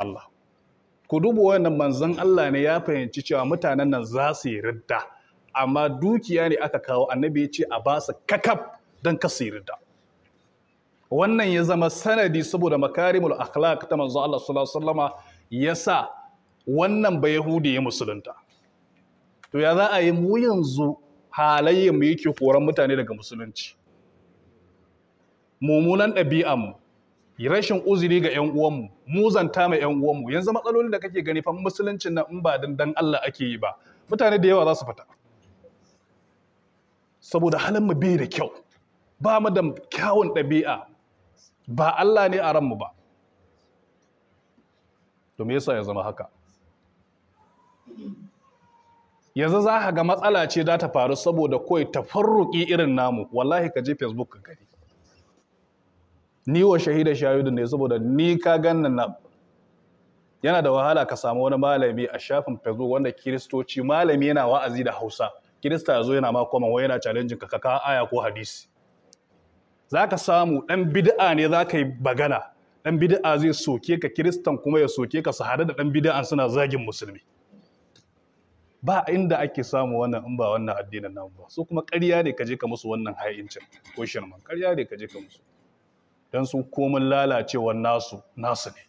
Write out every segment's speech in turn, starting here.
Allah ku dubu wannan manzon Allah ne ya fahimci cewa mutanen nan za su yi ridda amma dukiya ne aka kawo annabi ya ce a ba su kakaf don ka su yi ridda wannan ya zama sanadi saboda makarimul akhlaq ta manzon Allah sallallahu alaihi wasallama sa wannan bayahudi ya musulunta to ya za a yi mu yanzu halayyar mu yake koran mutane daga musulunci mummunan ɗabi'an rashin uzuri ga 'yan uwanmu zanta mai 'yan uwanmu yanzu matsalolin da kake gani fa musuluncin nan in ba dan Allah ake yi ba mutane da yawa za su fita saboda halin mu bai da kyau ba mu da kyawun ɗabi'a ba Allah ne a ranmu ba to me yasa ya zama haka yanzu za ka ga matsala ce za ta faru saboda kawai tafarruki irin namu wallahi ka je facebook ka gani ni wa shahida shahidun ne saboda ni ka ganna na. yana da wahala ka samu wani malami a shafin fezo wanda kiristoci malami yana wa'azi da hausa kirista ya zo yana ma koma wai yana challenge ka ka aya ko hadisi za ka samu ɗan bid'a ne za ka yi bagana ɗan bid'a zai soke ka kiristan kuma ya soke ka su hada da ɗan bid'an suna zagin musulmi ba inda ake samu wannan in ba wannan addinin namu ba su kuma ƙarya ne ka je ka musu wannan ha'incin ko shirman ƙarya ne ka je ka musu don su komin lalacewar nasu nasu ne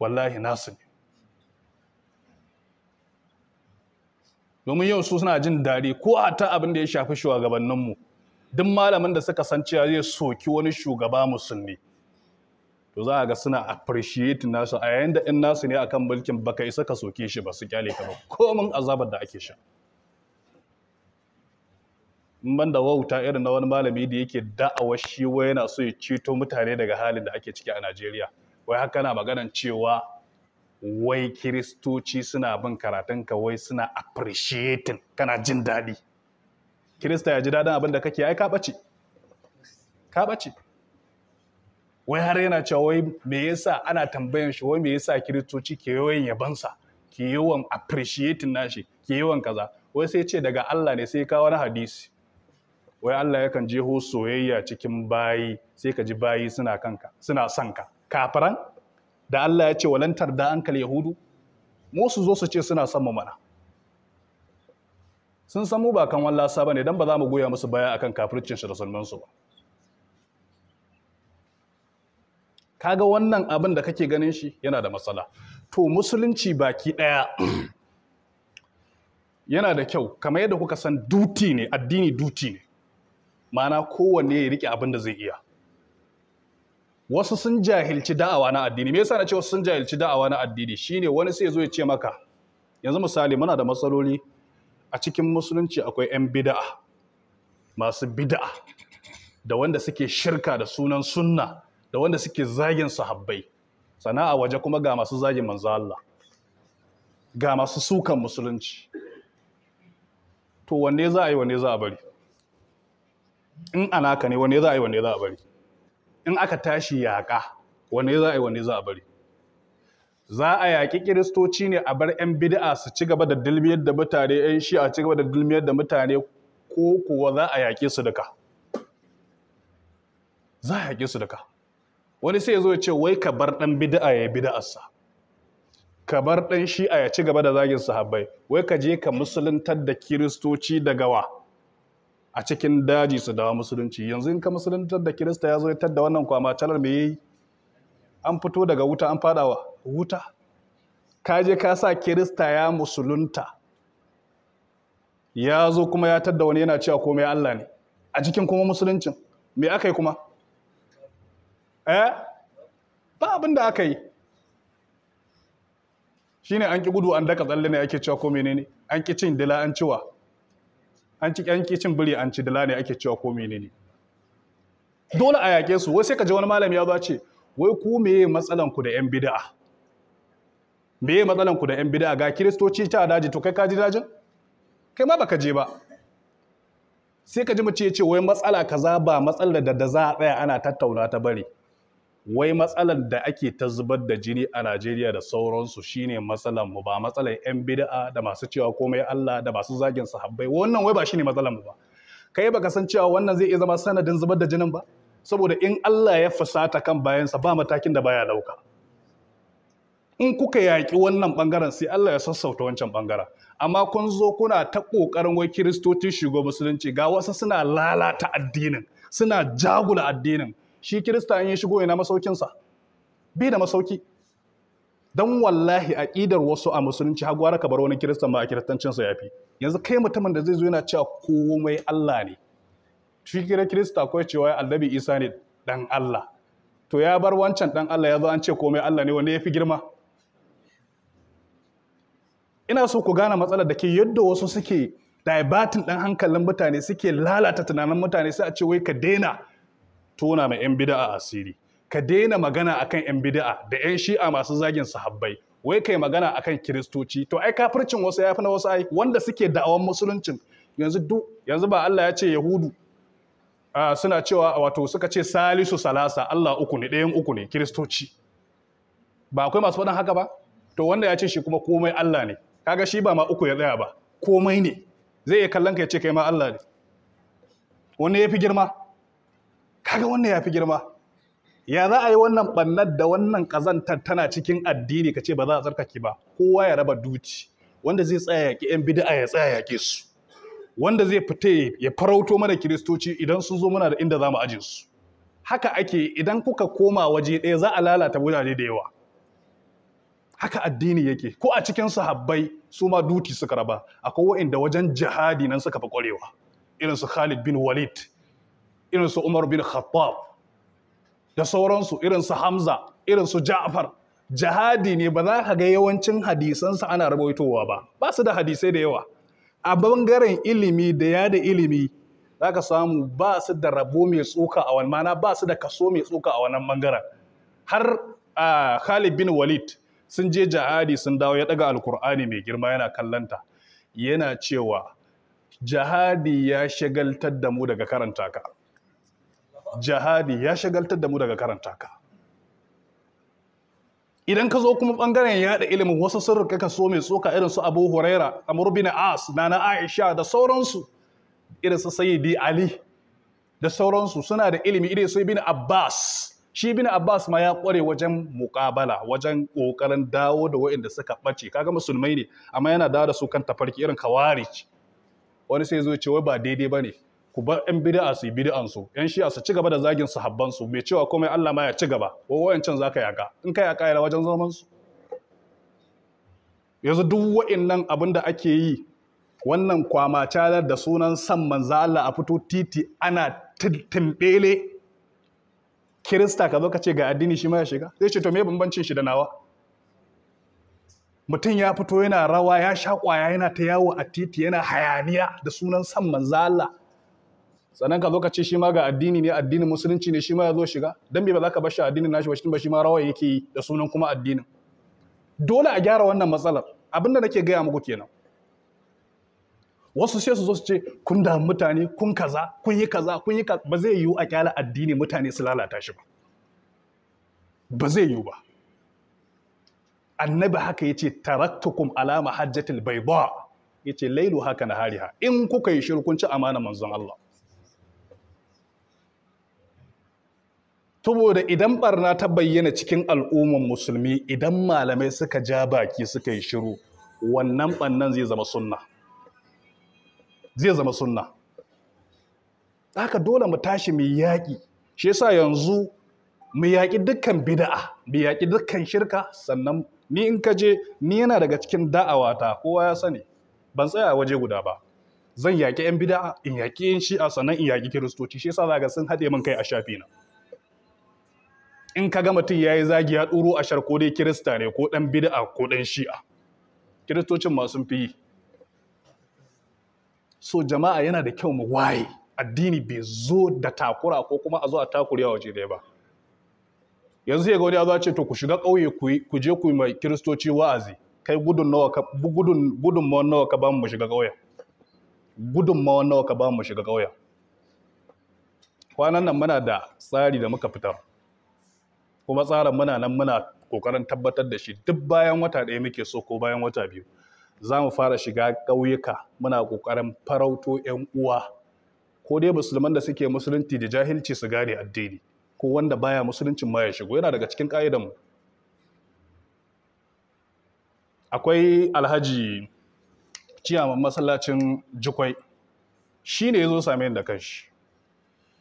wallahi nasu ne domin yau su suna jin daɗi ko a ta abin da ya shafi shugabanninmu duk malamin da suka san cewa zai soki wani shugaba musulmi to za a ga suna appreciate nasu a yayin da in nasu ne akan mulkin baka isa ka soke shi ba su kyale ka ba komin azabar da ake sha in da wauta irin na wani malami da yake da'awa shi wai yana so ya ceto mutane daga halin da ake ciki a Najeriya wai haka na maganan cewa wai kiristoci suna bin karatunka wai suna appreciating kana jin daɗi kirista ya ji daɗin abin da kake ai ka ɓace ka ɓace wai har yana cewa wai me yasa ana tambayan shi wai me yasa kiristoci ke yawan yabansa ke yawan appreciating nashi ke yawan kaza wai sai ce daga Allah ne sai kawo wani hadisi wai Allah yakan je ho soyayya cikin bayi sai ka ji bayi suna kanka suna son ka kafiran da Allah ya ce walantar da ankal yahudu mu su zo su ce suna son mu mana sun san mu ba kan wallasa bane dan ba za mu goya musu baya akan kafircin shi da sulmin su ba kaga wannan abin da kake ganin shi yana da matsala to musulunci baki daya yana da kyau kamar yadda kuka san duti ne addini duti ne ma'ana kowanne ya riƙe abin da zai iya wasu sun jahilci da'awa na addini me yasa na ce wasu sun jahilci da'awa na addini shine wani sai ya zo ya ce maka yanzu misali muna da matsaloli a cikin musulunci akwai 'yan bida'a masu bida'a da wanda suke shirka da sunan sunna da wanda suke zagin sahabbai sana'a waje kuma ga masu zagin manzo Allah ga masu sukan musulunci to wanne za a yi wanne za a bari in anaka ne wanne za a yi wanne za a bari in aka tashi yaƙa wanne za a yi wanne za a bari za a yaƙi kiristoci ne a bar 'yan bid'a su ci gaba da dilmiyar da mutane 'yan shi a ci gaba da dilmiyar da mutane ko kuwa za a yaƙe su duka za a yaƙe su duka wani sai ya zo ya ce wai ka bar ɗan bid'a ya yi bid'arsa ka bar ɗan shi'a ya ci gaba da zagin sahabbai wai ka je ka musuluntar da kiristoci da gawa a cikin daji su dawo musulunci yanzu in ka musuluntar da kirista ya zo ya tadda wannan kwama calar me yayi an fito daga wuta an fadawa wuta ka je ka sa kirista ya musulunta ya zo kuma ya tadda wani yana cewa komai Allah ne a cikin kuma musuluncin me aka yi kuma eh ba abin da aka yi shine an ki gudu an daka tsalle ne ake cewa ko menene an ki cin dila an ciwa an ci ƙyanki cin biri an ci dala ne ake cewa ko menene dole a yaƙe su wai sai ka ji wani malami ya zo ce wai ku meye matsalan ku da yan bid'a meye matsalan ku da yan bid'a ga kiristoci ta daji to kai ka ji dajin kai ma baka je ba sai ka ji mace ya ce wai matsala kaza ba matsalar da da za a tsaya ana tattauna ta bari wai matsalar da ake ta zubar da jini a Najeriya da sauransu shine matsalar mu ba matsalar yan bid'a da masu cewa komai Allah da masu zagin sahabbai wannan wai ba shine matsalar mu ba kai baka san cewa wannan zai iya zama sanadin zubar da jinin ba saboda in Allah ya fusata kan bayansa ba matakin da baya dauka in kuka yaƙi wannan bangaren sai Allah ya sassauta wancan bangaren amma kun zo kuna ta kokarin wai kiristoci shigo musulunci ga wasu suna lalata addinin suna jagula addinin shi kirista in ya shigo ina masaukinsa Bi da masauki don wallahi aƙidar wasu a musulunci har gwara bar wani Kirista ma a kiristancinsa ya fi yanzu kai mutumin da zai zo yana cewa komai Allah ne shi kira kirista ko cewa annabi Isa ne dan Allah to ya bar wancan dan Allah ya zo an ce komai Allah ne wanda ya fi girma ina so ku gane matsalar da ke yadda wasu suke daibatin dan hankalin mutane suke lalata tunanin mutane sai a ce wai ka daina tona mai 'yan bida'a asiri ka daina magana akan 'yan bida'a da 'yan shi'a masu zagin sahabbai wai kai magana akan kiristoci to ai kafircin wasu ya fi na wasu ai wanda suke da'awan musuluncin yanzu du, yanzu ba Allah ya ce yahudu suna cewa wato suka ce salisu salasa Allah uku ne ɗayan uku ne kiristoci ba akwai masu faɗin haka ba to wanda ya ce shi kuma komai Allah ne kaga shi ba ma uku ya tsaya ba komai ne zai iya kallon ka ya ce kai ma Allah ne Wani ya fi girma kaga wannan ya fi girma ya za a yi wannan bannar da wannan ƙazantar tana cikin addini ka ce ba za a tsarkake ba kowa ya raba duci wanda zai tsaya yaƙi 'yan bid'a ya tsaya yaƙe su wanda zai fita ya farauto mana kiristoci idan sun zo muna da inda za mu aje su haka ake idan kuka koma waje ɗaya za a lalata wurare da yawa haka addini yake ko a cikin sahabbai su ma duti suka raba akwai wa'inda wajen jihadi nan suka fi ƙwarewa irin su Khalid bin Walid irinsu Umar bin Khattab da sauransu irinsu Hamza irinsu Ja'far jihadi ne ba za ka ga yawancin hadisansa ana rawaitowa ba ba su da hadisai da yawa a bangaren ilimi da ya da ilimi za ka samu ba su da rabo mai tsoka a wani mana ba su da kaso mai tsoka a wannan bangaren har Khalid bin Walid sun je jihadi sun dawo ya daga alkur'ani mai girma yana kallanta yana cewa jihadi ya shagaltar da mu daga karanta ka jihadi ya shagaltar da mu daga karanta ka idan ka zo kuma bangaren yada ilimin wasu sirrika ka so mai tsoka irin su Abu Huraira amur bin As Nana Aisha da sauransu irin su Sayyidi Ali da sauransu suna da ilimi idan su bin Abbas shi bin Abbas ma ya kware wajen muƙabala wajen ƙoƙarin dawo da waɗanda suka ɓace kaga musulmai ne amma yana dawo da su kan tafarki irin kawarij wani sai zo ce wai ba daidai ba ne ku bar yan bid'a su yi bid'an su yan shi'a su ci gaba da zagin sahabban su mai cewa komai Allah ma ya ci gaba ko wayancan zaka yaka in ka yaka yana wajen zaman su yanzu duk wa'annan abin da ake yi wannan kwama calar da sunan san manzo Allah a fito titi ana tintimbele kirista ka zo ka ce ga addini shi ma ya shiga zai ce to me bambancin shi da nawa mutum ya fito yana rawa ya sha kwaya yana ta yawo a titi yana hayaniya da sunan san manzo Allah sannan ka zo ka ce shi ma ga addini ne addinin musulunci ne shi ma ya zo shiga Don me ba za ka bar shi addinin nashi ba shi ba shi ma rawa yake yi da sunan kuma addinin dole a gyara wannan matsalar Abinda na nake gaya muku kenan wasu sai su zo su ce kun da mutane kun kaza kun yi kaza kun yi kaza ba zai yiwu a kyala addini mutane su lalata shi ba ba zai yiwu ba annabi haka yace taraktukum ala mahajjatil bayda yace lailu haka nahariha in kuka yi shirkunci amana manzon Allah saboda idan barna ta bayyana cikin al'umman musulmi idan malamai suka ja baki suka yi shiru wannan bannan zai zama sunna zai zama sunna haka dole mu tashi mu yaƙi shi yasa yanzu mu yaƙi dukkan bida'a mu yaƙi dukkan shirka sannan ni in ka je ni yana daga cikin da'awata kowa ya sani ban tsaya waje guda ba zan yaƙi 'yan bida'a in yaƙi 'yan shi'a sannan in yaƙi kiristoci shi yasa za ga sun haɗe min kai a shafi na in ka ga mutum ya yi zagi ya ɗuro a shar ko dai kirista ne ko ɗan bid'a ko ɗan shi'a kiristocin masu sun fi yi so jama'a yana da kyau mu waye addini bai zo da takura ko kuma a zo a takure wa dai ba yanzu ya ga wani ya ce to ku shiga ƙauye ku je ku mai kiristoci wa'azi kai gudun nawa ka gudun nawa ka ba mu shiga ƙauye. gudun ma nawa ka ba mu shiga kwanan nan muna da tsari da muka fitar kuma tsarin muna nan muna kokarin tabbatar da shi duk bayan wata ɗaya muke so ko bayan wata biyu za mu fara shiga ƙauyuka muna kokarin farauto 'yan uwa ko dai musulman da suke musulunci da jahilci su gane addini ko wanda baya musuluncin ma ya shigo yana daga cikin ƙa'idan mu akwai alhaji ciyaman masallacin jikwai shi ne ya zo same da kanshi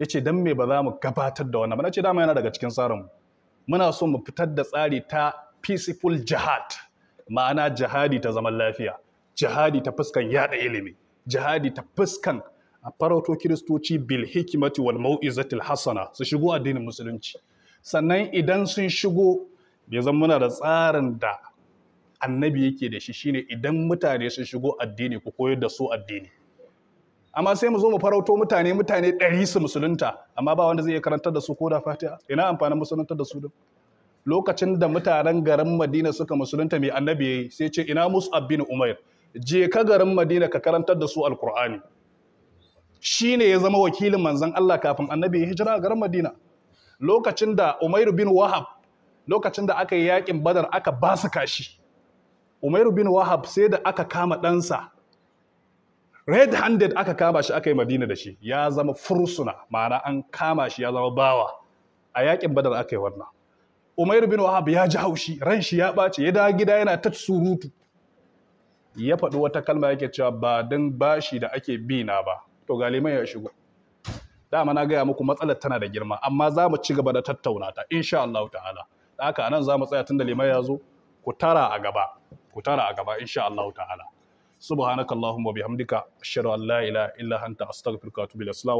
ya ce don me ba za mu gabatar da wannan ba na ce dama yana daga cikin mu. muna so mu fitar da tsari ta peaceful jihad ma'ana jihadi ta zaman lafiya jihadi ta fuskan yada ilimi jihadi ta fuskan a farauto kiristoci bil hikimati wal mau'izatil hasana su shigo addinin musulunci sannan idan sun shigo ya zan muna da tsarin da annabi yake da shi shine idan mutane sun shigo addini ku koyar da su addini amma sai mu zo mu farauto mutane mutane ɗari su musulunta amma ba wanda zai iya karantar da su ko da fatiha ina amfanin musuluntar da su din lokacin da mutanen garin madina suka musulunta mai annabi yayi sai ce ina mus'ab abin umair je ka garin madina ka karantar da su Shi ne ya zama wakilin manzon Allah kafin annabi ya hijira garin madina lokacin da umair bin wahab lokacin da aka yi yakin badar aka basu kashi umair bin wahab sai da aka kama ɗansa red handed aka kama shi aka yi madina da shi ya zama fursuna ma'ana an kama shi ya zama bawa a yakin badar aka yi wannan umair bin wahab ya ji haushi ran shi ya ɓace ya dawo gida yana ta surutu ya faɗi wata kalma yake cewa ba don bashi da ake bi na ba to ya shigo dama na gaya muku matsalar tana da girma amma za mu ci gaba da tattauna ta insha Allah ta'ala da haka anan za mu tsaya tun da liman ya zo ku tara a gaba ku tara a gaba insha Allah ta'ala subhanakallahumma bihamdika ashhadu an la ilaha illa anta astaghfiruka wa atubu ilaik